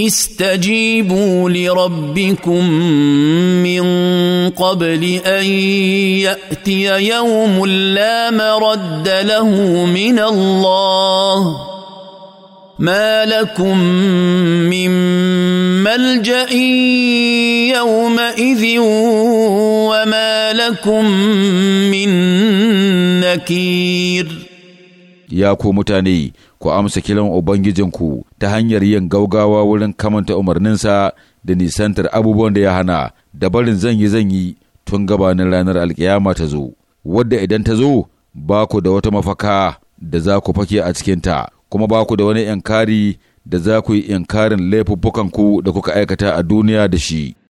استجيبوا لربكم من قبل ان ياتي يوم لا مرد له من الله ما لكم من ملجا يومئذ وما لكم من نكير ya ku mutane, ku amsa kiran Ubangijinku ta hanyar yin gaugawa wurin kamanta umarninsa da nisantar abubuwan da ya hana, da barin zanyi zanyi tun gabanin ranar alkiyama ta zo, wadda idan ta zo ba ku da wata mafaka da za ku fake a cikinta, kuma ba ku da wani inkari da za ku yi inkarin laifuffukanku da kuka aikata a duniya da shi.